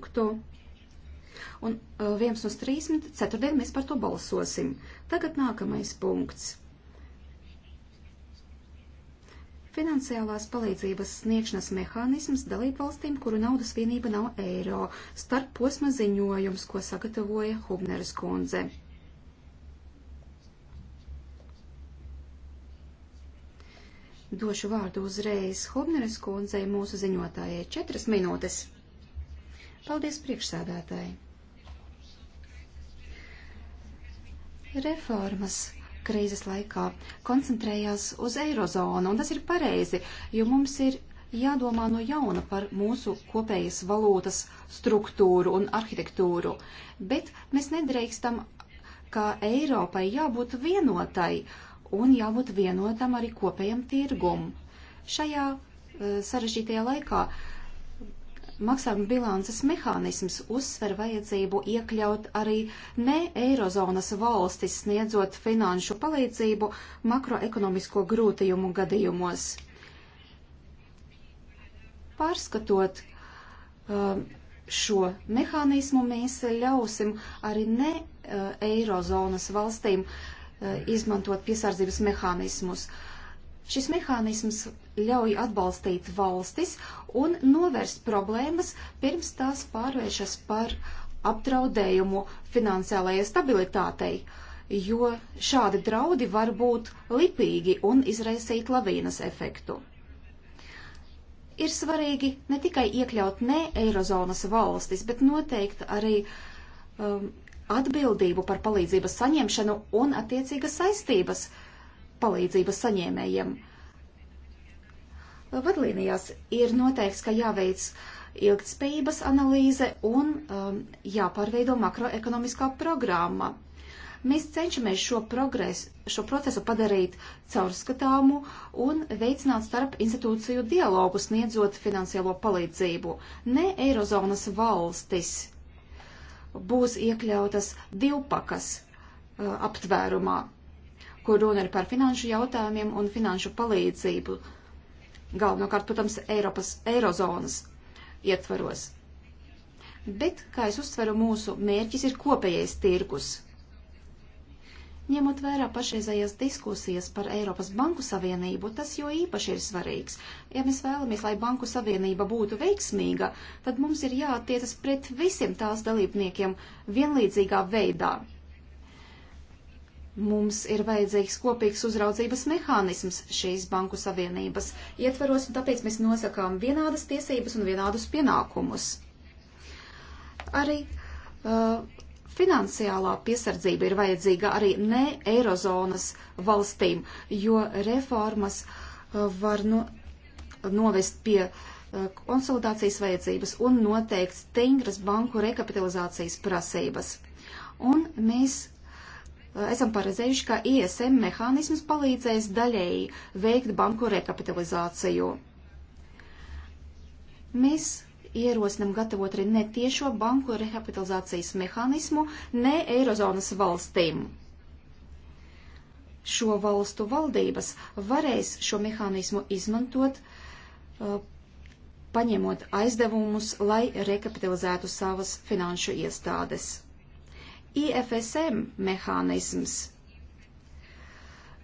punktu. Un 11.30. Uh, ceturtdien mēs par to balsosim. Tagad nākamais punkts. Finansiālās palīdzības sniegšanas mehānisms dalību valstīm, kuru naudas vienība nav eiro, starp posma ziņojums, ko sagatavoja Hubneres kundze. Došu vārdu uzreiz Hubneres kundzei mūsu ziņotājai četras minūtes. Paldies priekšsēdētāji! Reformas krīzes laikā koncentrējās uz eirozonu, un tas ir pareizi, jo mums ir jādomā no jauna par mūsu kopējas valūtas struktūru un arhitektūru, bet mēs nedrīkstam, ka Eiropai jābūt vienotai un jābūt vienotam arī kopējam tirgum. Šajā uh, sarežģītajā laikā uh, maksājuma bilances mehānisms uzsver vajadzību iekļaut arī ne eirozonas valstis sniedzot finanšu palīdzību makroekonomisko grūtījumu gadījumos. Pārskatot um, šo mehānismu, mēs ļausim arī ne uh, eirozonas valstīm uh, izmantot piesardzības mehānismus. Uh, Šis mehānisms ļauj atbalstīt valstis un novērst problēmas, pirms tās pārvēršas par apdraudējumu finansiālajai stabilitātei, jo šādi draudi var būt lipīgi un izraisīt lavīnas efektu. Ir svarīgi ne tikai iekļaut ne eirozonas valstis, bet noteikti arī um, atbildību par palīdzības saņemšanu un attiecīgas saistības uh, palīdzības saņēmējiem. Vadlīnijās ir noteikts, ka jāveic ilgtspējības analīze un um, jāpārveido makroekonomiskā programma. Mēs cenšamies šo, progresu, šo procesu padarīt caurskatāmu un veicināt starp institūciju dialogu sniedzot finansiālo palīdzību. Ne Eirozonas valstis būs iekļautas divpakas uh, aptvērumā kur runa ir par finanšu jautājumiem un finanšu palīdzību, galvenokārt, protams, Eiropas eirozonas ietvaros. Bet, kā es uztveru, mūsu mērķis ir kopējais tirgus. Ņemot vērā pašreizējās diskusijas par Eiropas Banku Savienību, tas jo īpaši ir svarīgs. Ja mēs vēlamies, lai Banku Savienība būtu veiksmīga, tad mums ir jātiecas pret visiem tās dalībniekiem vienlīdzīgā veidā Mums ir vajadzīgs kopīgs uzraudzības mehānisms šīs banku savienības ietvaros, un tāpēc mēs nosakām vienādas tiesības un vienādus pienākumus. Arī uh, finansiālā piesardzība ir vajadzīga arī ne eirozonas valstīm, jo reformas uh, var no, novest pie uh, konsolidācijas vajadzības un noteikti stingras banku rekapitalizācijas prasības. Un mēs Eh, esam paredzējuši, ka ISM mehānisms palīdzēs daļēji veikt banku rekapitalizāciju. Mēs ierosinam gatavot arī netiešo banku rekapitalizācijas mehānismu ne Eirozonas valstīm. Šo valstu valdības varēs šo mehānismu izmantot, eh, paņemot aizdevumus, lai rekapitalizētu savas finanšu iestādes. IFSM mehānisms,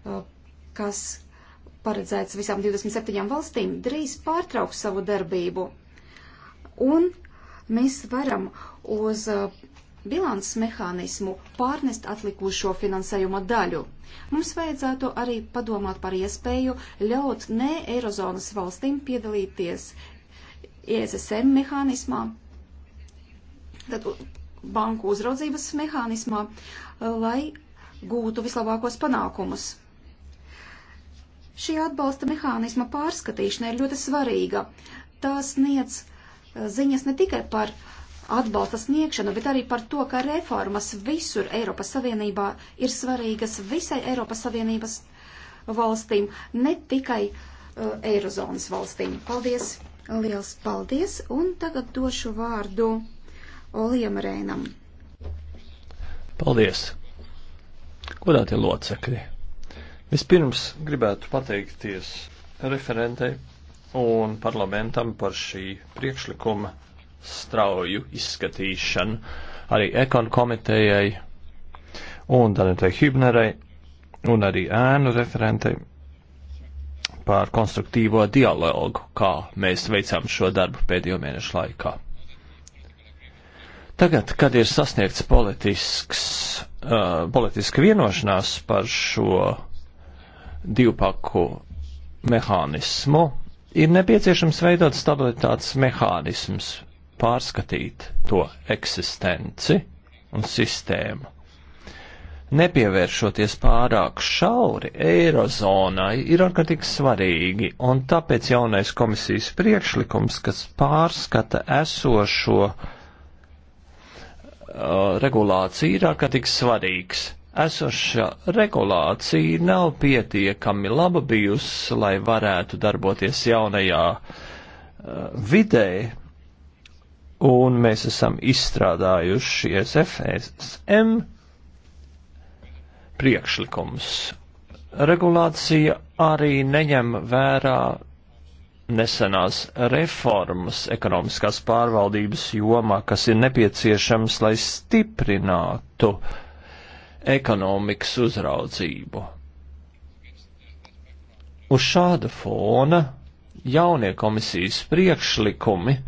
uh, kas paredzēts visām 27 valstīm, drīz pārtrauks savu darbību. Un mēs varam uz uh, bilants mehānismu pārnest atlikušo finansējuma daļu. Mums vajadzētu arī padomāt par iespēju ļaut ne Eirozonas valstīm piedalīties ESSM mehānismā. Tad banku uzraudzības mehānismā, eh, lai gūtu vislabākos panākumus. Šī atbalsta mehānisma pārskatīšana ir ļoti svarīga. Tās sniedz eh, ziņas ne tikai par atbalsta sniegšanu, bet arī par to, ka reformas visur Eiropas Savienībā ir svarīgas visai Eiropas Savienības valstīm, ne tikai uh, Eirozonas valstīm. Paldies! Liels paldies! Un tagad došu vārdu Olijam Reinam. Paldies! Godātie locekļi! Vispirms gribētu pateikties referentei un parlamentam par šī priekšlikuma strauju izskatīšanu, arī ekonu komitejai un Danitai Hibnerei un arī ēnu referentei par konstruktīvo dialogu, kā mēs veicām šo darbu pēdējo mēnešu laikā. Tagad, kad ir sasniegts politisks, uh, politiska vienošanās par šo divpaku mehānismu, ir nepieciešams veidot stabilitātes mehānismus, pārskatīt to eksistenci un sistēmu. Nepievēršoties pārāk šauri eirozonai ir ārkārtīgi svarīgi, un tāpēc jaunais komisijas priekšlikums, kas pārskata esošo uh, Eh, regulācija ir ārkārtīgi svarīgs. Esoša regulācija nav pietiekami laba bijusi, lai varētu darboties jaunajā eh, vidē, un mēs esam izstrādājuši SFSM priekšlikums. Regulācija arī neņem vērā nesenās reformas ekonomiskās pārvaldības jomā, kas ir nepieciešams, lai stiprinātu ekonomikas uzraudzību. Uz šāda fona jaunie komisijas priekšlikumi,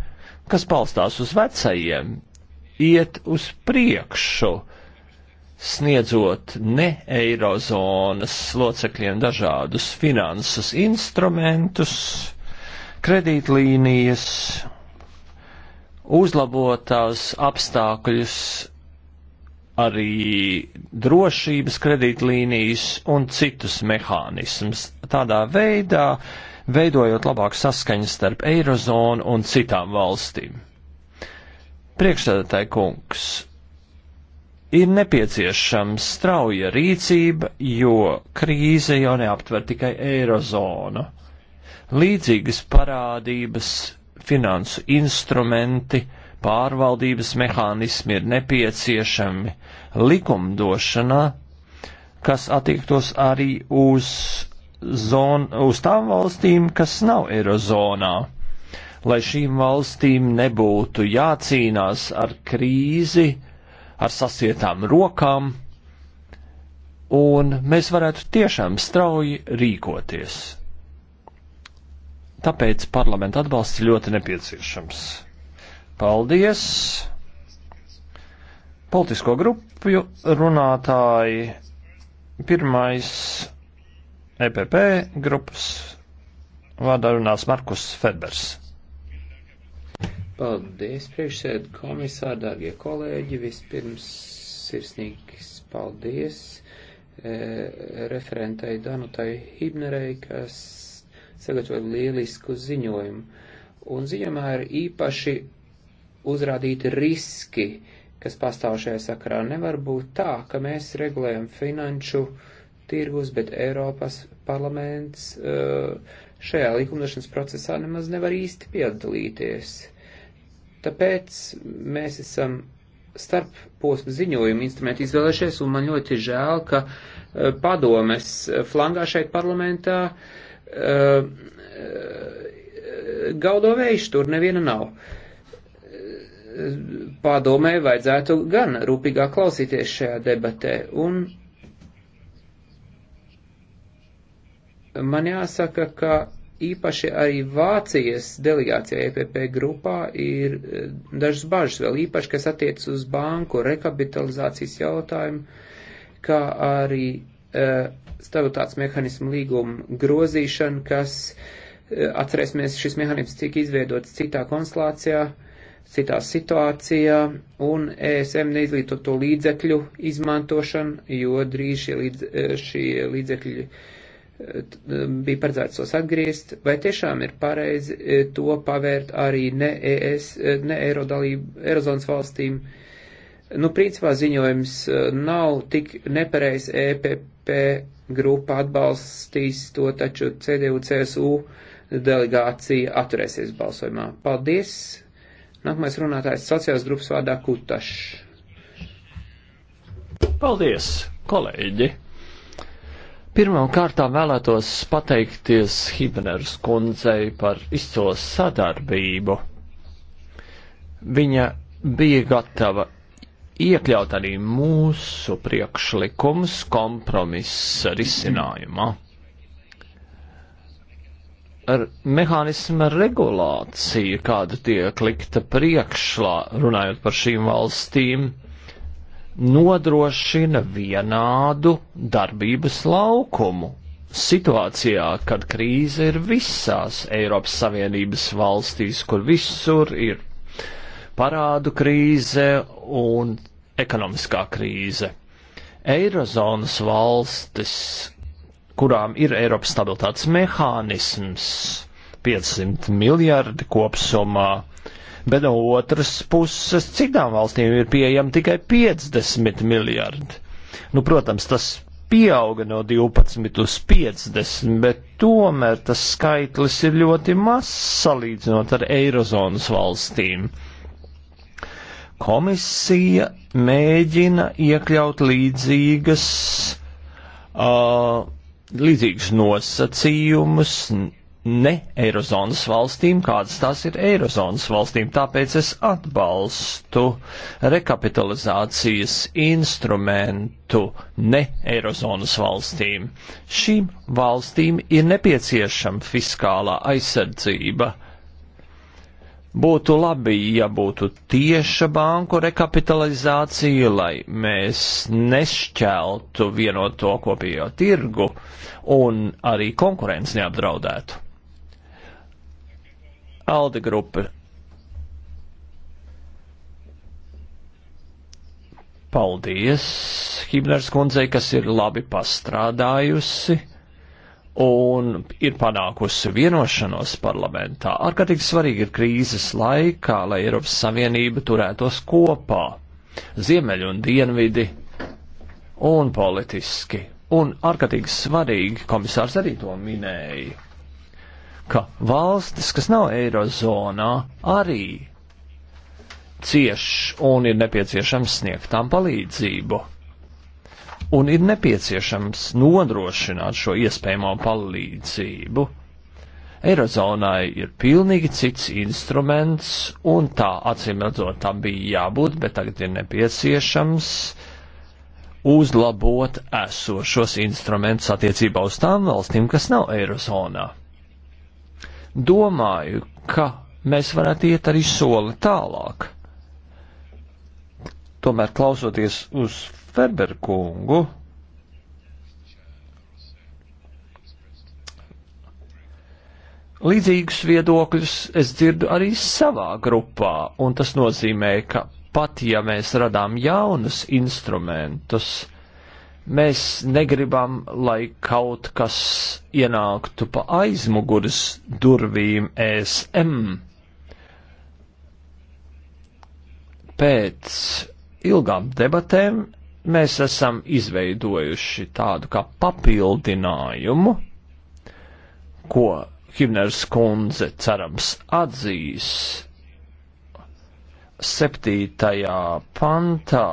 kas balstās uz vecajiem, iet uz priekšu, sniedzot ne eirozonas locekļiem dažādus finanses instrumentus, kredītlīnijas, uzlabotās apstākļus, arī drošības kredītlīnijas un citus mehānismus. Tādā veidā veidojot labāku saskaņu starp Eirozonu un citām valstīm. Priekšstādātāji kungs, ir nepieciešams strauja rīcība, jo krīze jau neaptver tikai Eirozonu. Līdzīgas parādības, finansu instrumenti, pārvaldības mehānismi ir nepieciešami likumdošanā, kas attiektos arī uz, zon, uz tām valstīm, kas nav Eirozonā. Lai šīm valstīm nebūtu jācīnās ar krīzi, ar sasietām rokām, un mēs varētu tiešām strauji rīkoties. Tāpēc parlamenta atbalsts ir ļoti nepieciešams. Paldies! Politisko grupu runātāji. Pirmais EPP grupas vārdā runās Markus Ferbers. Paldies, priekšsēd komisāri, dārgie kolēģi. Vispirms sirsnīgs paldies e, referentai Danutai Hibnerei, kas sagatavoja lielisku ziņojumu. Un ziņojumā ir īpaši uzrādīti riski, kas pastāv šajā sakarā. Nevar būt tā, ka mēs regulējam finanšu tirgus, bet Eiropas parlaments eh, šajā likumdošanas procesā nemaz nevar īsti piedalīties. Tāpēc mēs esam starp posmu ziņojumu instrumentu izvēlēšies, un man ļoti žēl, ka eh, padomes flangā šeit parlamentā uh, Eh, eh, Galdo vējš tur neviena nav. Eh, Pārdomē vajadzētu gan rūpīgāk klausīties šajā debatē. Un man jāsaka, ka īpaši arī Vācijas delegācijā EPP grupā ir dažas bažas vēl īpaši, kas attiec uz banku rekapitalizācijas jautājumu, kā arī uh, stabilitātes mehānismu līgumu grozīšanu, kas, e, atcerēsimies, šis mehānisms tika izveidots citā konstelācijā, citā situācijā, un ESM neizlīto to līdzekļu izmantošanu, jo drīz šie, līdz, e, šie līdzekļi e, bija paredzēts tos atgriezt, vai tiešām ir pareizi to pavērt arī ne ES, ne Eiro dalību, Eirozonas valstīm. Nu, principā ziņojums nav tik nepareizs EPP grupa atbalstīs to, taču CDU, CSU delegācija atturēsies balsojumā. Paldies! Nākamais runātājs sociālās grupas vārdā Kutašs. Paldies, kolēģi! Pirmām kārtām vēlētos pateikties Hibners kundzei par izcilo sadarbību. Viņa bija gatava iekļaut arī mūsu priekšlikums kompromiss risinājumā. Ar mehānisma regulācija, kāda tiek likta priekšlā, runājot par šīm valstīm, nodrošina vienādu darbības laukumu situācijā, kad krīze ir visās Eiropas Savienības valstīs, kur visur ir parādu krīze un ekonomiskā krīze. Eirozonas valstis, kurām ir Eiropas stabilitātes mehānisms, 500 miljardi kopsumā, bet no otras puses citām valstīm ir pieejami tikai 50 miljardi. Nu, protams, tas pieauga no 12 uz 50, bet tomēr tas skaitlis ir ļoti mazs salīdzinot ar Eirozonas valstīm. Komisija mēģina iekļaut līdzīgas, uh, līdzīgas nosacījumus ne Eirozonas valstīm, kādas tās ir Eirozonas valstīm. Tāpēc es atbalstu rekapitalizācijas instrumentu ne Eirozonas valstīm. Šīm valstīm ir nepieciešama fiskālā aizsardzība. Uh, Būtu labi, ja būtu tieša banku rekapitalizācija, lai mēs nešķeltu vienoto kopējo tirgu un arī konkurence neapdraudētu. Alde grupa. Paldies Hibners kundzei, kas ir labi pastrādājusi un ir panākusi vienošanos parlamentā. Ārkārtīgi svarīgi ir krīzes laikā, lai Eiropas Savienība turētos kopā, ziemeļi un dienvidi, un politiski. Un ārkārtīgi svarīgi, komisārs arī to minēja, ka valstis, kas nav eirozonā, arī cieš un ir nepieciešams sniegt tām palīdzību un ir nepieciešams nodrošināt šo iespējamo palīdzību. Eirozonai ir pilnīgi cits instruments, un tā acīm redzot tam bija jābūt, bet tagad ir nepieciešams uzlabot esošos instrumentus attiecībā uz tām valstīm, kas nav Eirozonā. Domāju, ka mēs varētu iet arī soli tālāk Tomēr klausoties uz Ferberkungu, līdzīgus viedokļus es dzirdu arī savā grupā, un tas nozīmē, ka pat ja mēs radām jaunus instrumentus, mēs negribam, lai kaut kas ienāktu pa aizmuguras durvīm ESM. Pēc ilgām debatēm mēs esam izveidojuši tādu kā papildinājumu, ko Himners kundze cerams atzīs septītajā pantā,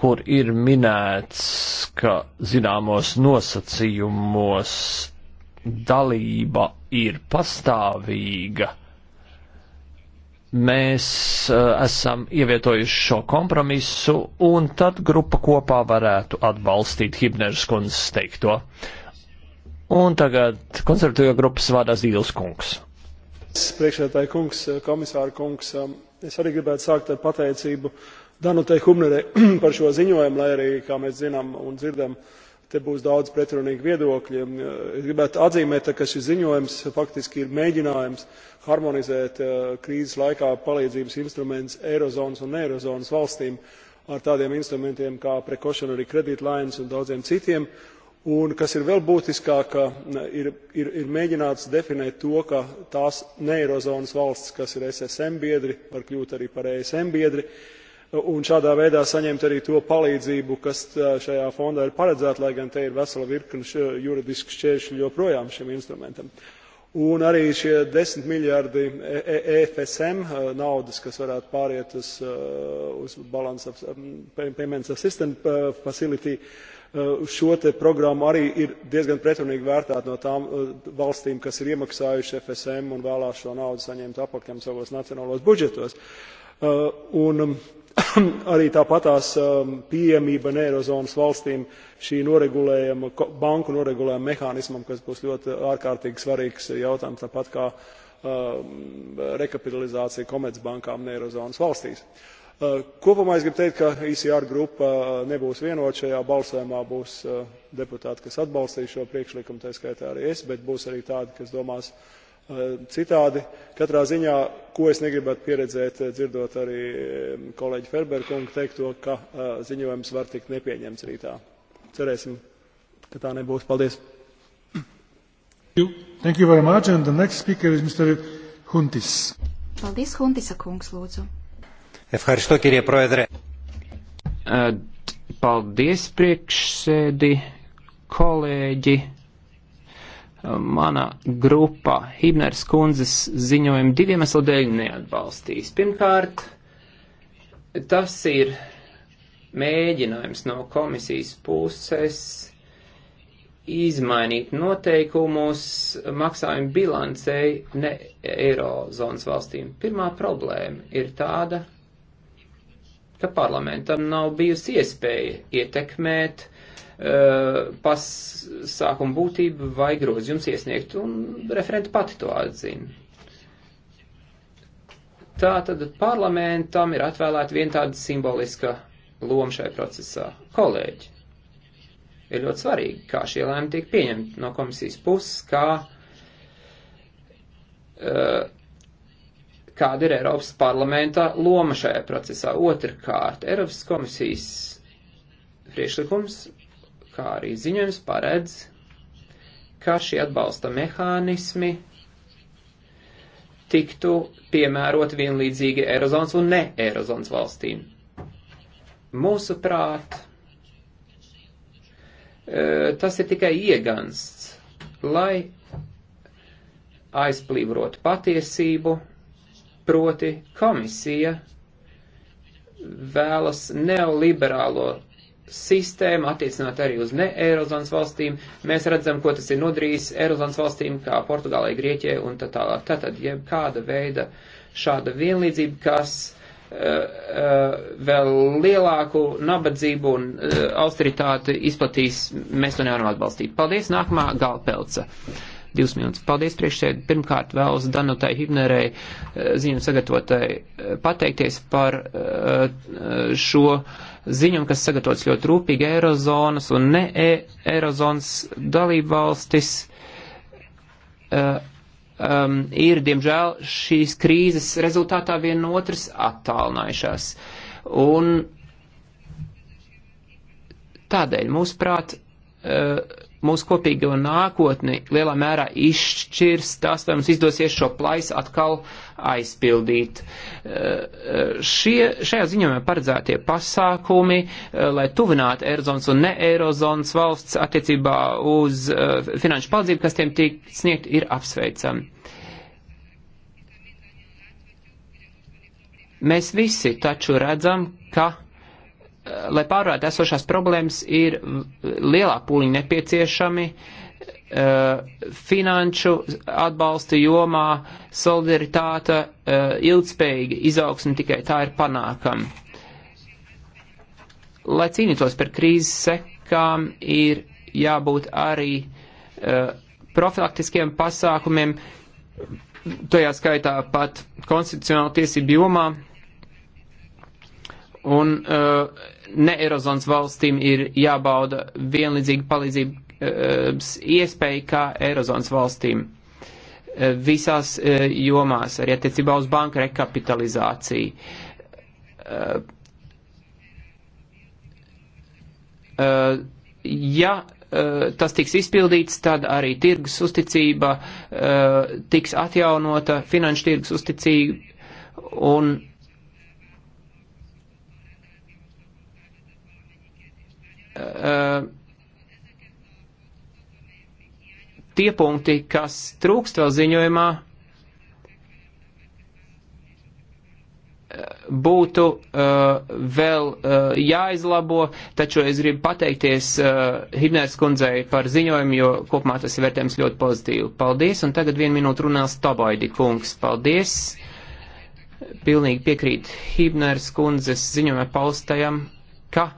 kur ir minēts, ka zināmos nosacījumos dalība ir pastāvīga mēs uh, esam ievietojuši šo kompromisu, un tad grupa kopā varētu atbalstīt Hibneris kundzes teikto. Un tagad konservatīvā grupas vārdā Zīles kungs. Priekšētāji kungs, uh, komisāra kungs, um, es arī gribētu sākt ar pateicību Danutei Hubnerei par šo ziņojumu, lai arī, kā mēs zinām un dzirdam, uh, te būs daudz pretrunīgu viedokļu. Es gribētu atzīmēt, ka šis ziņojums faktiski ir mēģinājums harmonizēt eh, krīzes laikā palīdzības instruments Eirozonas un Eirozonas valstīm ar tādiem instrumentiem kā precautionary credit lines un daudziem citiem. Un kas ir vēl būtiskāk, ir, ir, ir mēģināts definēt to, ka tās neirozonas valsts, kas ir SSM biedri, var kļūt arī par ESM biedri. Uh, un šādā veidā saņemt arī to palīdzību, kas šajā fondā ir paredzēta, lai gan te ir vesela virkni juridisku šķēršļu joprojām šim instrumentam. Un arī šie desmit miljardi EFSM e, e naudas, kas varētu pāriet uz, uz Balance of Payments Assistant Facility, šo te programmu arī ir diezgan pretrunīgi vērtēt no tām valstīm, kas ir iemaksājuši FSM un vēlās šo naudu saņemt apakšiem savos nacionālos budžetos. Un, arī tāpatās um, pieejamība neirozonas valstīm šī noregulējuma, banku noregulējuma mehānismam, kas būs ļoti ārkārtīgi svarīgs jautājums, tāpat kā um, rekapitalizācija komercbankām neirozonas valstīs. Uh, kopumā es gribu teikt, ka ICR e grupa uh, nebūs vienota šajā balsojumā, būs uh, deputāti, kas atbalstīs šo priekšlikumu, tā skaitā arī es, bet būs arī tādi, kas domās, uh, citādi. Katrā ziņā, ko es negribētu pieredzēt, dzirdot arī kolēģi Ferberkungu teikto, ka ziņojums var tikt nepieņemts rītā. Cerēsim, ka tā nebūs. Paldies! Thank you very much, and the next speaker is Mr. Huntis. Paldies, Huntisa kungs, lūdzu. Efharisto, kirie proedre. Paldies, priekšsēdi, kolēģi mana grupa Hibners kundzes ziņojumu diviem eslu dēļ neatbalstīs. Pirmkārt, tas ir mēģinājums no komisijas puses izmainīt noteikumus maksājumu bilancei ne eirozonas valstīm. Pirmā problēma ir tāda, ka parlamentam nav bijusi iespēja ietekmēt Eh, pasākumu būtību vai grozi jums iesniegt, un referenti pati to atzina. Tā tad parlamentam ir atvēlēta vien tāda simboliska loma šai procesā. Kolēģi, ir ļoti svarīgi, kā šie lēmumi tiek pieņemti no komisijas puses, kā, eh, kāda ir Eiropas parlamenta loma šajā procesā. Otrkārt, Eiropas komisijas priekšlikums kā arī ziņojums paredz, ka šie atbalsta mehānismi tiktu piemērot vienlīdzīgi Eirozonas un ne Eirozonas valstīm. Mūsuprāt, e, tas ir tikai iegansts, lai aizplīvrot patiesību, proti komisija vēlas neoliberālo sistēma attiecināt arī uz ne Eirozonas valstīm. Mēs redzam, ko tas ir nodarījis Eirozonas valstīm, kā Portugālē, Grieķijai un tā tālāk. Tātad, ja kāda veida šāda vienlīdzība, kas uh, uh, vēl lielāku nabadzību un uh, austeritāti izplatīs, mēs to nevaram atbalstīt. Paldies, nākamā galpelca. Divas minūtes. Paldies priekšsēd. Pirmkārt vēlos Danutai Hibnerei ziņu sagatavotai pateikties par šo ziņojumu, kas sagatavots ļoti rūpīgi Eirozonas un ne e Eirozonas dalību valstis. Uh, um, ir, diemžēl, šīs krīzes rezultātā viena otras attālinājušās. Un tādēļ, mūsuprāt, uh, mūsu kopīgo nākotni lielā mērā izšķirs tas, vai mums izdosies šo plaisu atkal aizpildīt. Eh, šie, šajā ziņojumā paredzētie pasākumi, eh, lai tuvinātu Eirozonas un ne Eirozonas valsts attiecībā uz eh, finanšu palīdzību, kas tiem tiek sniegt, ir apsveicami. Mēs visi taču redzam, ka lai pārvarētu esošās problēmas, ir lielāk pūliņi nepieciešami uh, finanšu atbalsta jomā, solidaritāte, uh, ilgspējīga izaugsme tikai tā ir panākama. Lai cīnītos par krīzes sekām, ir jābūt arī uh, profilaktiskiem pasākumiem, tajā skaitā pat konstitucionāla tiesība jomā. Un uh, ne Eirozonas valstīm ir jābauda vienlīdzīga palīdzības eh, iespēja kā Eirozonas valstīm eh, visās eh, jomās, arī attiecībā uz banka rekapitalizāciju. Ja tas tiks izpildīts, tad arī tirgus uzticība tiks atjaunota, finanšu tirgus uzticība un Eh, tie punkti, kas trūkst vēl ziņojumā, eh, būtu uh, vēl uh, jāizlabo, taču es gribu pateikties uh, Hibners kundzei par ziņojumu, jo kopumā tas ir vērtējums ļoti pozitīvi. Paldies, un tagad vienu minūtu runās Tabaidi kungs. Paldies! Pilnīgi piekrīt Hibners kundzes ziņojumā paustajam, ka uh,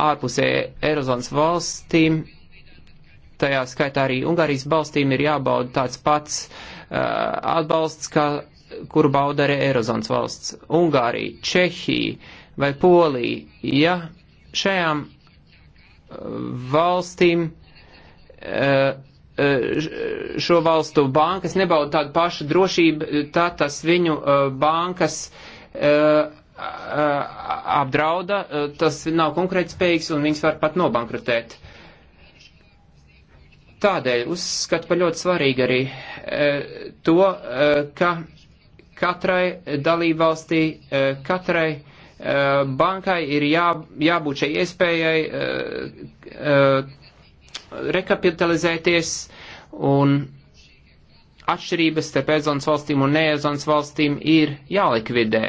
ārpusē e, Eirozonas valstīm, tajā skaitā arī Ungārijas valstīm, ir jābauda tāds pats uh, atbalsts, kā, kuru bauda arī Eirozonas valsts. Ungārija, Čehija vai Polija, ja šajām uh, valstīm uh, uh šo valstu bankas nebauda tādu pašu drošību, tā tas viņu uh, bankas apdrauda, tas nav konkrēti spējīgs un viņas var pat nobankrutēt. Tādēļ uzskatu par ļoti svarīgi arī to, ka katrai dalībvalstī, katrai bankai ir jā, jābūt šai iespējai rekapitalizēties un atšķirības starp Eizonas valstīm un Neeizonas valstīm ir jālikvidē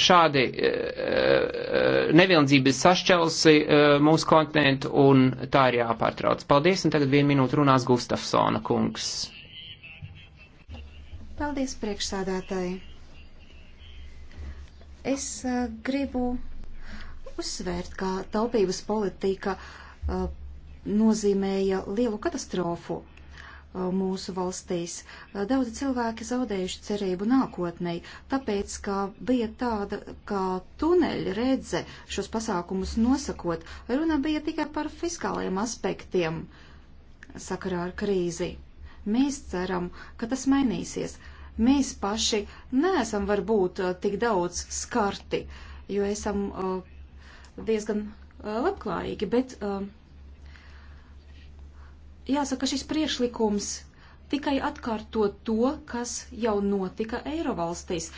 šādi e, e, nevienlīdzības sašķelsi e, mūsu kontinentu un tā ir jāpārtrauc. Paldies, un tagad vienu minūtu runās Gustafsona kungs. Paldies, priekšsādātāji. Es gribu uzsvērt, ka taupības politika nozīmēja lielu katastrofu Uh, mūsu valstīs. Uh, daudzi cilvēki zaudējuši cerību nākotnē, tāpēc, ka bija tāda kā tuneļa redze šos pasākumus nosakot, runa bija tikai par fiskāliem aspektiem sakarā ar krīzi. Mēs ceram, ka tas mainīsies. Mēs paši neesam varbūt uh, tik daudz skarti, jo esam diezgan labklājīgi, bet Jāsaka, šis priešlikums tikai atkārto to, kas jau notika Eirovalstīs.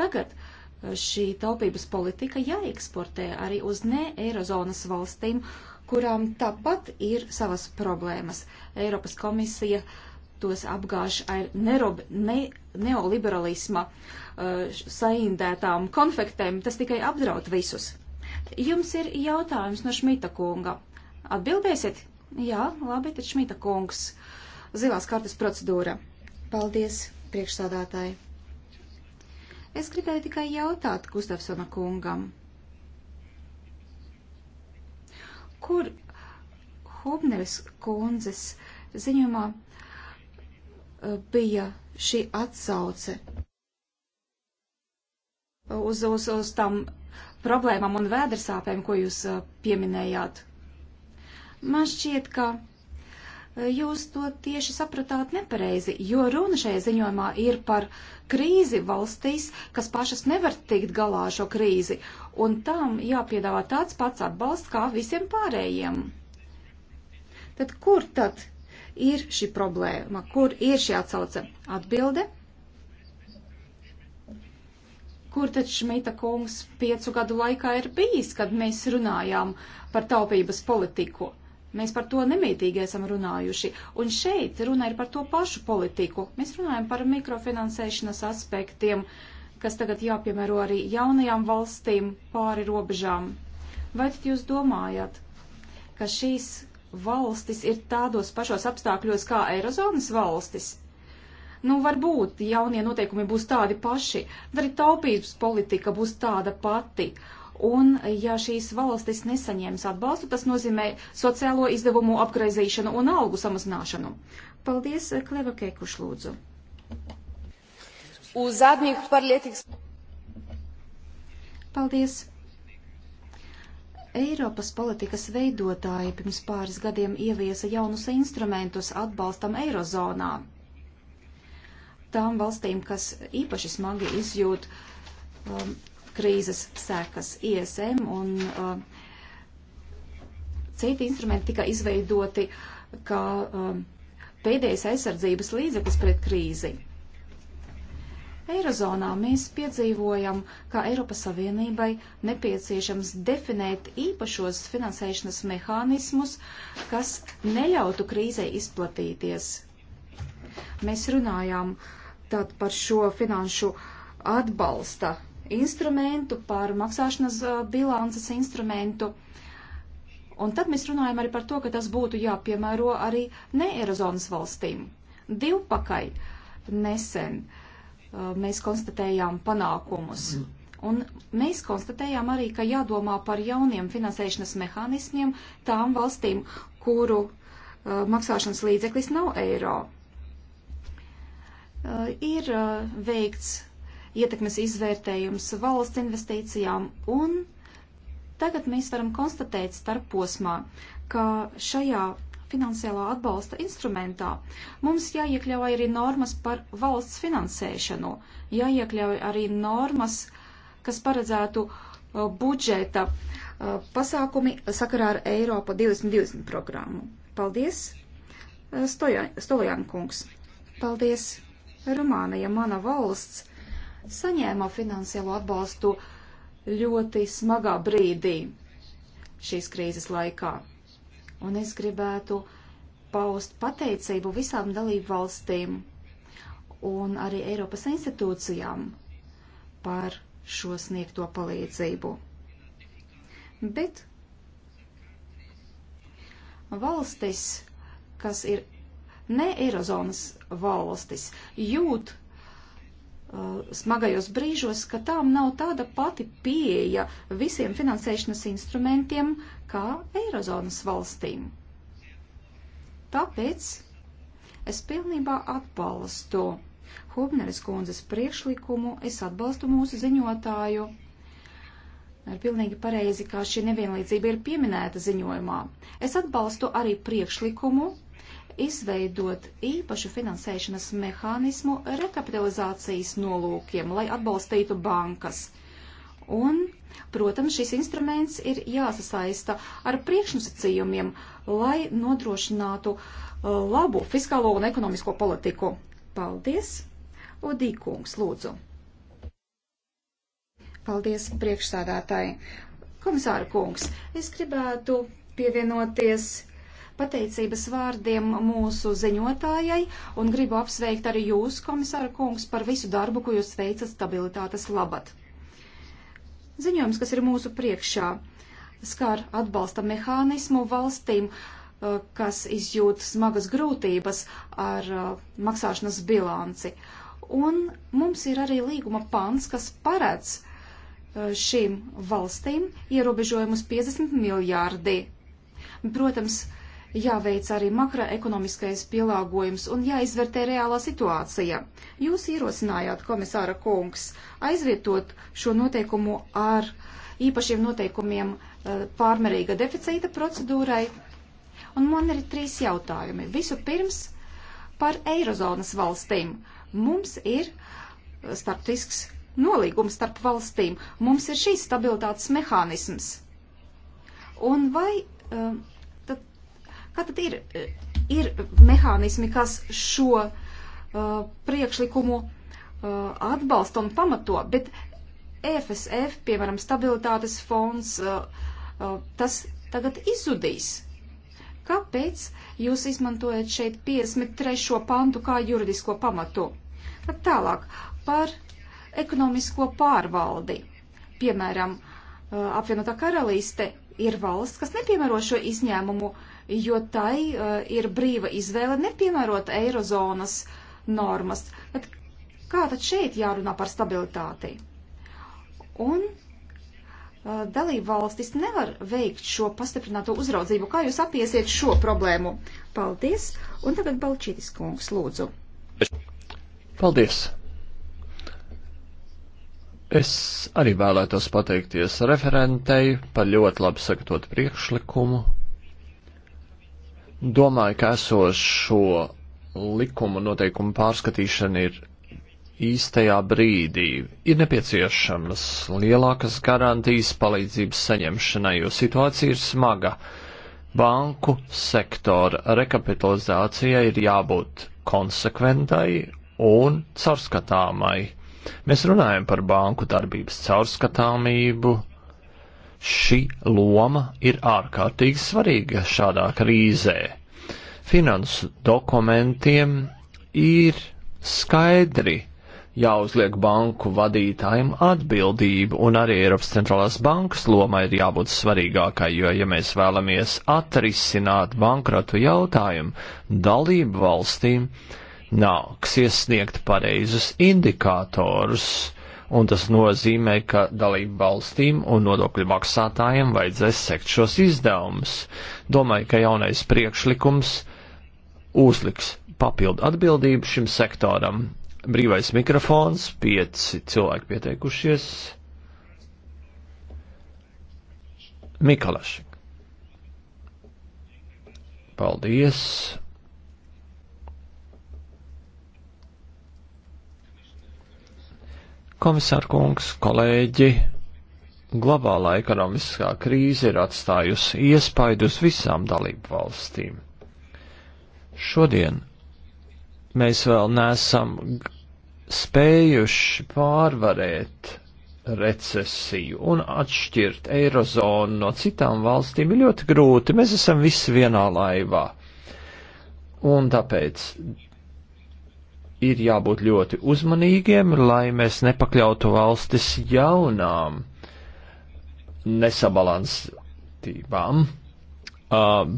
Tagad eh, šī taupības politika jāeksportē arī uz ne Eirozonas valstīm, kurām tāpat ir savas problēmas. Eiropas komisija tos apgāž ar nerob, ne, neoliberalisma uh, saindētām konfektēm, tas tikai apdraud visus. Jums ir jautājums no Šmita kunga. Atbildēsiet? Jā, labi, tad Šmita kungs. Zilās kartas procedūra. Paldies, priekšsādātāji. Es gribēju tikai jautāt Gustavsona kungam. Kur Hubneres kundzes ziņumā uh, bija šī atsauce uz, uz, uz tam problēmām un vēdersāpēm, ko jūs uh, pieminējāt? Man šķiet, ka e, jūs to tieši sapratāt nepareizi, jo runa šajā ziņojumā ir par krīzi valstīs, kas pašas nevar tikt galā ar šo krīzi, un tam jāpiedāvā tāds pats atbalsts kā visiem pārējiem. Tad kur tad ir šī problēma, kur ir šī atsauce atbilde? Kur tad Šmita kungs piecu gadu laikā ir bijis, kad mēs runājām par taupības politiku? Mēs par to nemītīgi esam runājuši. Un šeit runa ir par to pašu politiku. Mēs runājam par mikrofinansēšanas aspektiem, kas tagad jāpiemēro arī jaunajām valstīm pāri robežām. Vai tad jūs domājat, ka šīs valstis ir tādos pašos apstākļos kā Eirozonas valstis? Nu, varbūt jaunie noteikumi būs tādi paši, arī taupības politika būs tāda pati, Un, ja šīs valstis nesaņems atbalstu, tas nozīmē sociālo izdevumu apgraizīšanu un algu samazināšanu. Paldies, Kleva Keikuš, lūdzu. Paldies. Eiropas politikas veidotāji pirms pāris gadiem ieviesa jaunus instrumentus atbalstam Eirozonā. Tām valstīm, kas īpaši smagi izjūt um, krīzes sekas. ISM un uh, citi instrumenti tika izveidoti kā um, pēdējais aizsardzības līdzeklis pret krīzi. Eirozonā mēs piedzīvojam, ka Eiropas Savienībai nepieciešams definēt īpašos finansēšanas mehānismus, kas neļautu krīzei izplatīties. Mēs runājām tad par šo finanšu atbalsta instrumentu, par maksāšanas uh, bilances instrumentu. Un tad mēs runājam arī par to, ka tas būtu jāpiemēro arī neeirozonas valstīm. Divpakai nesen uh, mēs konstatējām panākumus. Un mēs konstatējām arī, ka jādomā par jauniem finansēšanas mehānismiem tām valstīm, kuru uh, maksāšanas līdzeklis nav eiro. Uh, ir uh, veikts ietekmes izvērtējums valsts investīcijām, un tagad mēs varam konstatēt starp posmā, ka šajā finansiālā atbalsta instrumentā mums jāiekļauj arī normas par valsts finansēšanu, jāiekļauj arī normas, kas paredzētu uh, budžeta uh, pasākumi sakarā ar Eiropa 2020 programmu. Paldies, uh, Stoljan kungs! Paldies! Rumānija, mana valsts, saņēma finansiālo atbalstu ļoti smagā brīdī šīs krīzes laikā. Un es gribētu paust pateicību visām dalību valstīm un arī Eiropas institūcijām par šo sniegto palīdzību. Bet valstis, kas ir ne Eirozonas valstis, jūt Uh, smagajos brīžos, ka tām nav tāda pati pieeja visiem finansēšanas instrumentiem kā Eirozonas valstīm. Tāpēc es pilnībā atbalstu Hubneres kundzes priekšlikumu, es atbalstu mūsu ziņotāju. Ir pilnīgi pareizi, kā šī nevienlīdzība ir pieminēta ziņojumā. Es atbalstu arī priekšlikumu izveidot īpašu finansēšanas mehānismu rekapitalizācijas nolūkiem, lai atbalstītu bankas. Un, protams, šis instruments ir jāsasaista ar priekšnosacījumiem, lai nodrošinātu uh, labu fiskālo un ekonomisko politiku. Paldies! Odīkungs, lūdzu! Paldies priekšsādātāji! Komisāra kungs, es gribētu pievienoties pateicības vārdiem mūsu ziņotājai un gribu apsveikt arī jūs, komisāra kungs, par visu darbu, ko jūs veicat stabilitātes labad. Ziņojums, kas ir mūsu priekšā, skar atbalsta mehānismu valstīm, uh, kas izjūt smagas grūtības ar uh, maksāšanas bilanci. Un mums ir arī līguma pants, kas paredz, uh, šīm valstīm ierobežojumus 50 miljārdi. Protams, jāveic arī makroekonomiskais pielāgojums un jāizvērtē reālā situācija. Jūs ierosinājāt, komisāra kungs, aizvietot šo noteikumu ar īpašiem noteikumiem eh, pārmērīga deficīta procedūrai. Un man ir trīs jautājumi. Visu pirms par Eirozonas valstīm. Mums ir eh, starptisks nolīgums starp valstīm. Mums ir šīs stabilitātes mehānisms. Un vai um, Kā tad ir, eh, ir mehānismi, kas šo uh, priekšlikumu uh, atbalsta un pamato, bet EFSF, piemēram, stabilitātes fonds, uh, uh, tas tagad izzudīs. Kāpēc jūs izmantojat šeit 53. pantu kā juridisko pamatu? Tad tālāk par ekonomisko pārvaldi. Piemēram, apvienotā karalīste ir valsts, kas nepiemēro šo izņēmumu uh, jo tai uh, ir brīva izvēle nepiemērot eirozonas normas. Bet kā tad šeit jārunā par stabilitāti? Un uh, dalību valstis nevar veikt šo pastiprināto uzraudzību. Kā jūs apiesiet šo problēmu? Paldies! Un tagad Balčītis kungs, lūdzu. Paldies! Es arī vēlētos pateikties referentei par ļoti labi sagatavotu priekšlikumu, Domāju, ka esošo likumu noteikumu pārskatīšana ir īstajā brīdī. Ir nepieciešamas lielākas garantijas palīdzības saņemšanai, jo situācija ir smaga. Banku sektora rekapitalizācijai ir jābūt konsekventai un caurskatāmai. Mēs runājam par banku darbības caurskatāmību, šī loma ir ārkārtīgi svarīga šādā krīzē. Finansu dokumentiem ir skaidri jāuzliek banku vadītājiem atbildību, un arī Eiropas centrālās bankas loma ir jābūt svarīgākai, jo, ja mēs vēlamies atrisināt bankrotu jautājumu, dalību valstīm nāksies sniegt pareizus indikātors, un tas nozīmē, ka dalību valstīm un nodokļu maksātājiem vajadzēs sekt šos izdevumus. Domāju, ka jaunais priekšlikums uzliks papildu atbildību šim sektoram. Brīvais mikrofons, pieci cilvēki pieteikušies. Mikalašik. Paldies! Komisārkungs, kolēģi, globālā ekonomiskā krīze ir atstājusi iespaidu uz visām dalību valstīm. Šodien mēs vēl nesam spējuši pārvarēt recesiju un atšķirt eirozonu no citām valstīm ir ļoti grūti. Mēs esam visi vienā laivā. Un tāpēc ir jābūt ļoti uzmanīgiem, lai mēs nepakļautu valstis jaunām nesabalansībām.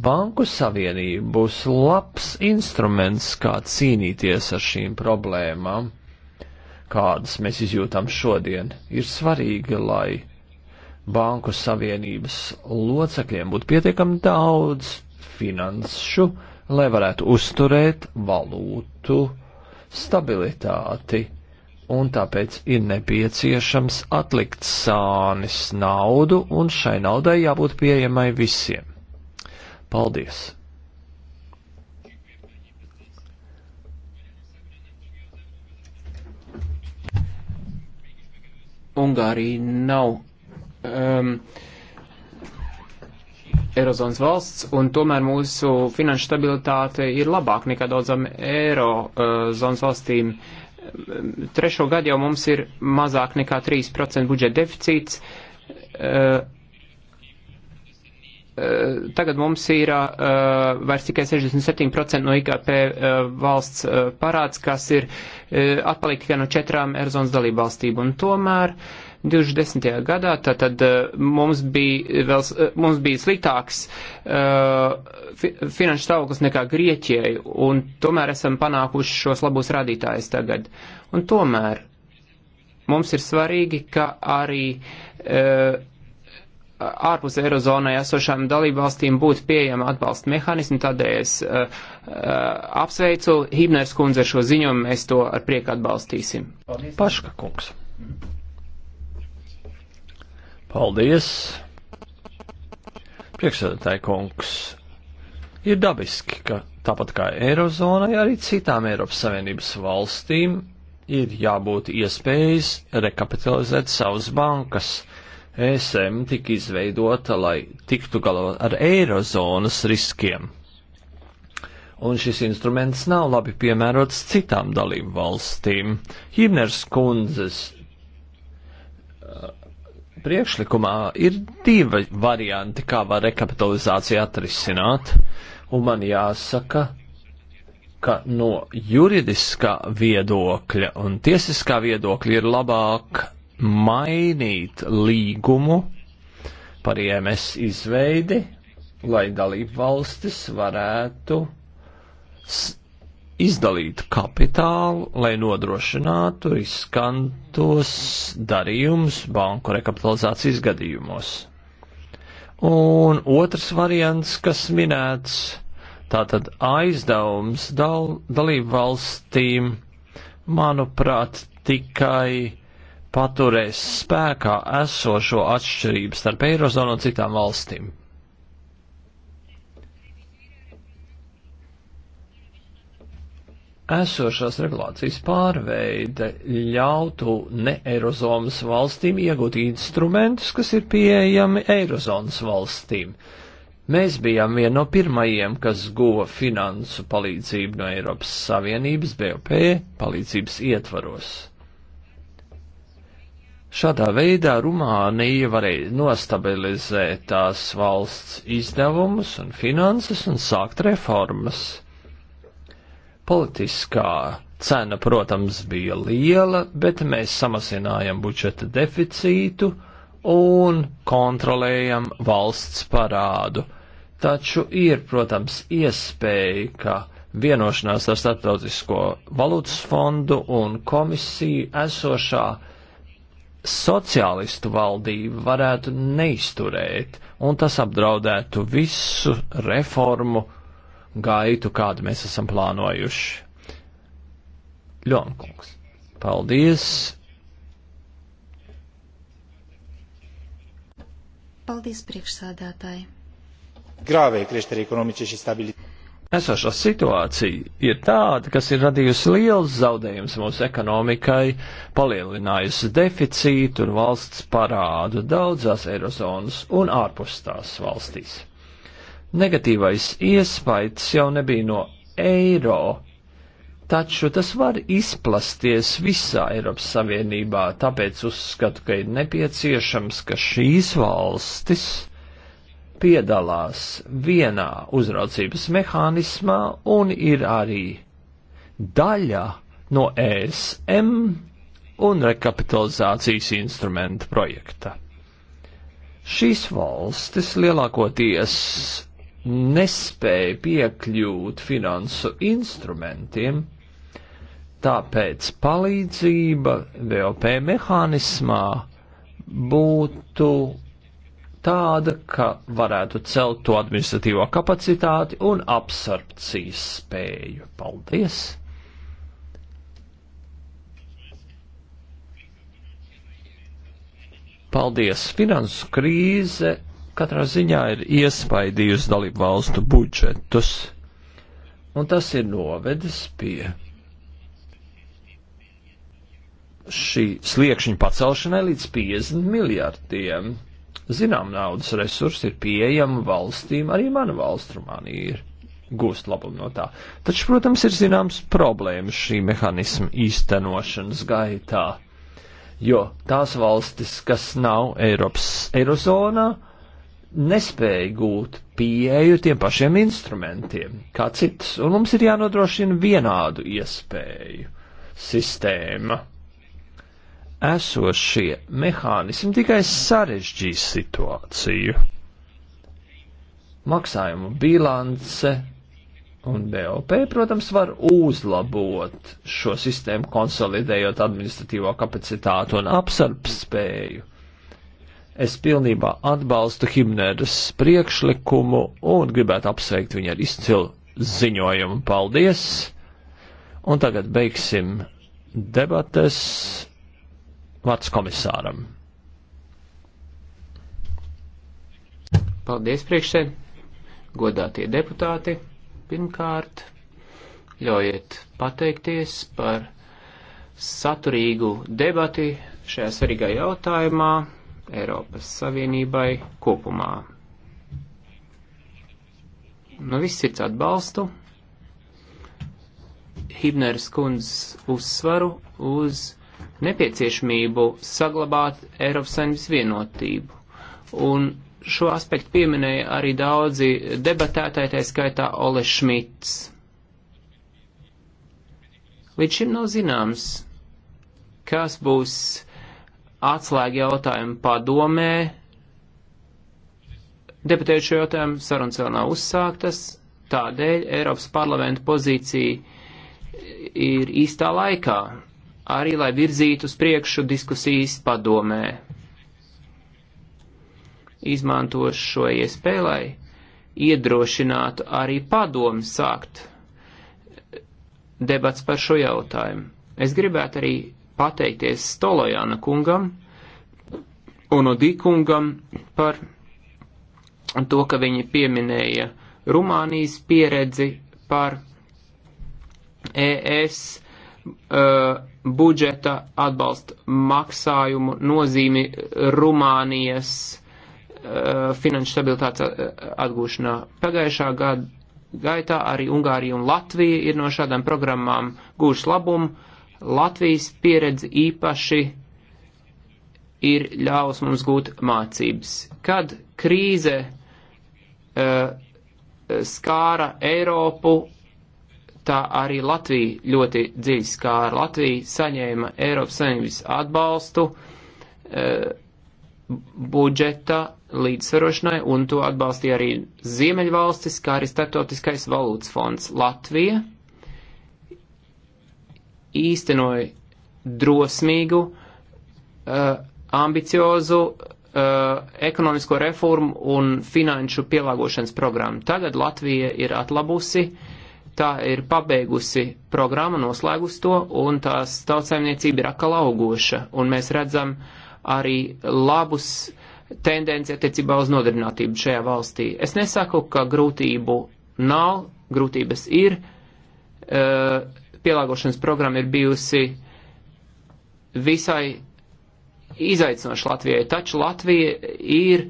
Banku savienība būs labs instruments, kā cīnīties ar šīm problēmām, kādas mēs izjūtam šodien. Ir svarīgi, lai banku savienības locekļiem būtu pietiekami daudz finanšu, lai varētu uzturēt valūtu uh, stabilitāti, un tāpēc ir nepieciešams atlikt sānis naudu, un šai naudai jābūt pieejamai visiem. Paldies! Ungārija nav um, Eirozonas valsts, un tomēr mūsu finanšu stabilitāte ir labāka nekā daudzam Eirozonas valstīm. Trešo gadu jau mums ir mazāk nekā 3% budžeta deficīts, eh, Eh, tagad mums ir uh, vairs tikai 67% no IKP uh, eh, valsts uh, parāds, kas ir uh, atpalikt tikai no četrām Erzonas dalību valstīm. Un tomēr 2010. gadā tātad uh, mums, bija vēl, uh, mums bija sliktāks uh, fi finanšu stāvoklis nekā Grieķijai, un tomēr esam panākuši šos labos rādītājus tagad. Un tomēr mums ir svarīgi, ka arī uh, ārpus Eirozonai esošām dalībvalstīm būtu pieejama atbalsta mehānismi, tādēļ es uh, uh, apsveicu Hibners kundze šo ziņojumu, mēs to ar prieku atbalstīsim. Paldies. Paška kungs. Paldies. Priekšsēdētāji kungs. Ir dabiski, ka tāpat kā Eirozonai, arī citām Eiropas Savienības valstīm ir jābūt iespējas rekapitalizēt savas bankas ESM tika izveidota, lai tiktu galā ar eirozonas riskiem. Un šis instruments nav labi piemērots citām dalību valstīm. Himners kundzes uh, priekšlikumā ir divi varianti, kā var rekapitalizāciju atrisināt, un man jāsaka, ka no juridiskā viedokļa un tiesiskā viedokļa ir labāk mainīt līgumu par IMS izveidi, lai dalību valstis varētu izdalīt kapitālu, lai nodrošinātu riskantos darījumus banku rekapitalizācijas gadījumos. Un otrs variants, kas minēts, tātad aizdevums dal, dalību valstīm, manuprāt, tikai paturēs spēkā esošo atšķirību starp Eirozonu un citām valstīm. Esošās regulācijas pārveide ļautu ne Eirozonas valstīm iegūt instrumentus, kas ir pieejami Eirozonas valstīm. Mēs bijām viena no pirmajiem, kas guva finansu palīdzību no Eiropas Savienības BOP palīdzības ietvaros. Šādā veidā Rumānija varēja nostabilizēt tās valsts izdevumus un finanses un sākt reformas. Politiskā cena, protams, bija liela, bet mēs samazinājām budžeta deficītu un kontrolējam valsts parādu. Taču ir, protams, iespēja, ka vienošanās ar Startautisko valūtas fondu un komisiju esošā sociālistu valdība varētu neizturēt, un tas apdraudētu visu reformu gaitu, kādu mēs esam plānojuši. Ļonkungs, paldies! Paldies priekšsādātāji! Grave creștere economice și stabilitate esošā situācija ir tāda, kas ir radījusi liels zaudējums mūsu ekonomikai, palielinājusi deficītu un valsts parādu daudzās Eirozonas un ārpus tās valstīs. Negatīvais iespējas jau nebija no eiro, taču tas var izplasties visā Eiropas Savienībā, tāpēc uzskatu, ka ir nepieciešams, ka šīs valstis piedalās vienā uzraudzības mehānismā un ir arī daļa no ESM un rekapitalizācijas instrumenta projekta. Šīs valstis lielākoties nespēja piekļūt finansu instrumentiem, tāpēc palīdzība VOP mehānismā būtu tāda, ka varētu celt to administratīvo kapacitāti un absorpcijas spēju. Paldies! Paldies! Finansu krīze katrā ziņā ir iespaidījusi dalību valstu budžetus, un tas ir novedis pie šī sliekšņa pacelšanai līdz 50 miljardiem eiro Zinām, naudas resursi ir pieejami valstīm, arī mana valsts Rumānija ir gūst labumu no tā. Taču, protams, ir zināms problēmas šī mehānisma īstenošanas gaitā, jo tās valstis, kas nav Eiropas Eirozonā, nespēja gūt pieeju tiem pašiem instrumentiem kā citas, un mums ir jānodrošina vienādu iespēju sistēma esošie mehānismi tikai sarežģīs situāciju. Maksājumu bilance un BOP, protams, var uzlabot šo sistēmu, konsolidējot administratīvo kapacitātu un apsarpspēju. Es pilnībā atbalstu Himneras priekšlikumu un gribētu apsveikt viņu ar izcilu ziņojumu. Paldies! Un tagad beigsim debates. Vārds komisāram. Paldies priekšsēd, godātie deputāti. Pirmkārt, ļaujiet pateikties par saturīgu debati šajā svarīgā jautājumā Eiropas Savienībai kopumā. No nu, viss sirds atbalstu Hibneres kundzes uzsvaru uz nepieciešamību saglabāt Eiropas saimnes vienotību. Un šo aspektu pieminēja arī daudzi debatētāji, tā skaitā Ole Šmits. Līdz šim nav zināms, kas būs atslēga jautājumu padomē. Deputēju šo jautājumu sarunas vēl nav uzsāktas, tādēļ Eiropas parlamenta pozīcija ir īstā laikā arī lai virzītu uz priekšu diskusijas padomē. Izmantošu šo iespēju, lai iedrošinātu arī padomu sākt debats par šo jautājumu. Es gribētu arī pateikties Stolojāna kungam un Odīkungam par to, ka viņi pieminēja Rumānijas pieredzi par ES Uh, budžeta atbalsta maksājumu nozīmi Rumānijas uh, finanšu stabilitātes uh, atgūšanā. Pagājušā gada gaitā arī Ungārija un Latvija ir no šādām programmām gūšas labumu. Latvijas pieredze īpaši ir ļāvus mums gūt mācības. Kad krīze uh, skāra Eiropu tā arī Latvija ļoti dziļi skāra. Latvija saņēma Eiropas Savienības atbalstu e, budžeta līdzsvarošanai, un to atbalstīja arī Ziemeļvalstis, kā arī Startautiskais valūtas fonds. Latvija īstenoja drosmīgu, e, ambiciozu eh, ekonomisko reformu un finanšu pielāgošanas programmu. Tagad Latvija ir atlabusi uh, tā ir pabeigusi programmu, noslēgus to, un tās tautsēmniecība ir atkal augoša, un mēs redzam arī labus tendenci attiecībā uz nodarbinātību šajā valstī. Es nesaku, ka grūtību nav, grūtības ir, pielāgošanas programma ir bijusi visai izaicinoša Latvijai, taču Latvija ir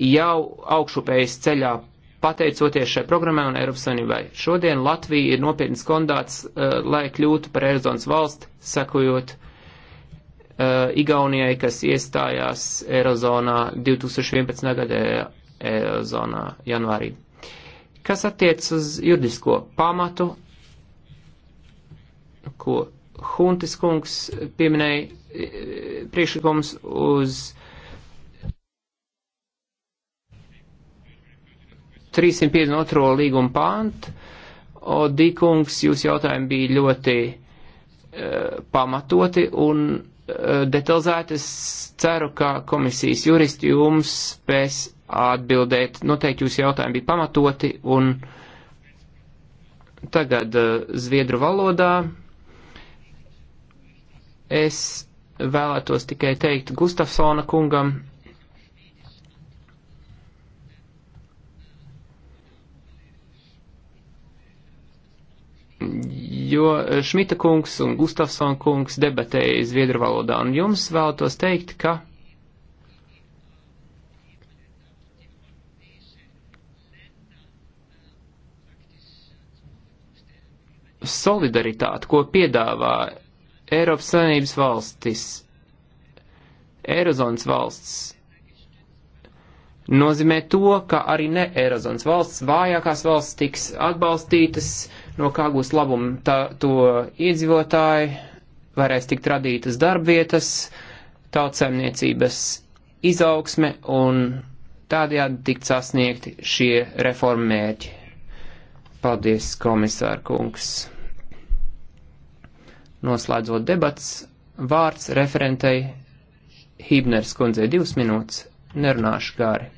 jau augšupējas ceļā pateicoties šai programmai un Eiropas Savienībai. Šodien Latvija ir nopietnas kondāts, uh, eh, lai kļūtu par Eirozonas valsti, sakojot uh, eh, Igaunijai, kas iestājās Eirozonā 2011. gada eh, Eirozonā janvārī. Kas attiec uz juridisko pamatu, ko Huntis kungs pieminēja priekšlikums uz uh, 352. līguma pāntu. Odīkungs, jūs jautājumi bija ļoti uh, pamatoti un uh, detalizēti. Es ceru, ka komisijas juristi jums spēs atbildēt. Noteikti jūs jautājumi bija pamatoti un tagad uh, zviedru valodā. Es vēlētos tikai teikt Gustafsona kungam, jo eh, Šmita kungs un Gustafson kungs debatēja Zviedru valodā, un jums vēlētos teikt, ka solidaritāte, ko piedāvā Eiropas Savienības valstis, Eirozonas valsts, nozīmē to, ka arī ne Eirozonas valsts, vājākās valsts tiks atbalstītas, uh, no kā gūs labumu tā, to iedzīvotāji, varēs tikt radītas darbvietas, tautsēmniecības izaugsme un tādējādi tikt sasniegti šie reformu mērķi. Paldies, komisāra kungs. Noslēdzot debats, vārds referentei Hībners kundzei divas minūtes, nerunāšu gāri.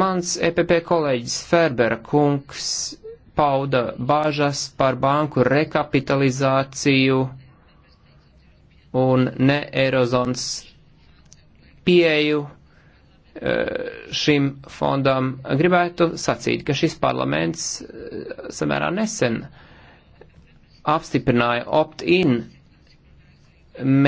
Mans EPP kolēģis Ferbera kungs pauda bāžas par banku rekapitalizāciju un ne Eirozonas pieju e, šim fondam. Gribētu sacīt, ka šis parlaments e, samērā nesen apstiprināja opt-in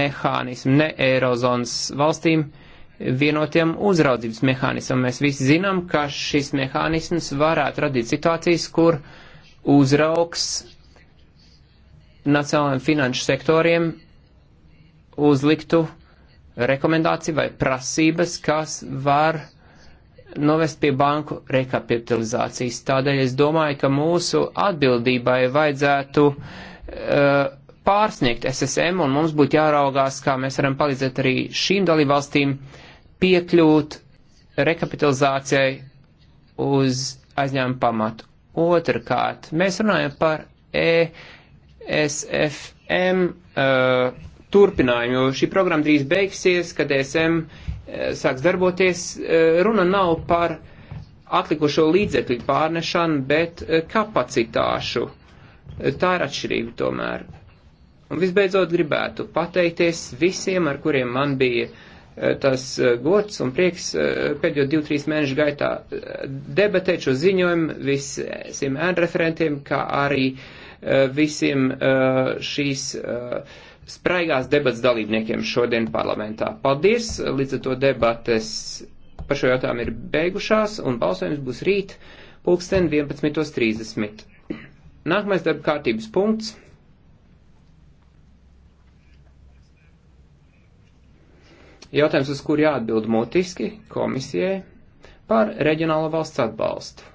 mehānismu ne Eirozonas valstīm, uh, vienotiem uzraudzības mehānismam. Mēs visi zinām, ka šis mehānisms varētu radīt situācijas, kur uzraugs nacionālajiem finanšu sektoriem uzliktu rekomendāciju vai prasības, kas var novest pie banku rekapitalizācijas. Tādēļ es domāju, ka mūsu atbildībai vajadzētu uh, pārsniegt SSM un mums būtu jāraugās, kā mēs varam palīdzēt arī šīm dalībvalstīm uh, piekļūt rekapitalizācijai uz aizņēmumu pamatu. Otrakārt, mēs runājam par ESFM uh, turpinājumu, jo šī programma drīz beigsies, kad ESM uh, sāks darboties. Uh, runa nav par atlikušo līdzekļu pārnešanu, bet uh, kapacitāšu. Uh, tā ir atšķirība tomēr. Un visbeidzot gribētu pateikties visiem, ar kuriem man bija uh, Eh, tas eh, gods un prieks eh, pēdējo 2-3 mēnešu gaitā debatēt šo ziņojumu visiem ēnu referentiem, kā arī visiem šīs spraigās debats dalībniekiem šodien parlamentā. Paldies! Līdz ar to debates par šo jautājumu ir beigušās, un balsojums būs rīt pulksten 11.30. Nākamais darba kārtības punkts. Jautājums, uz kur jāatbild mutiski komisijai par reģionālo valsts atbalstu.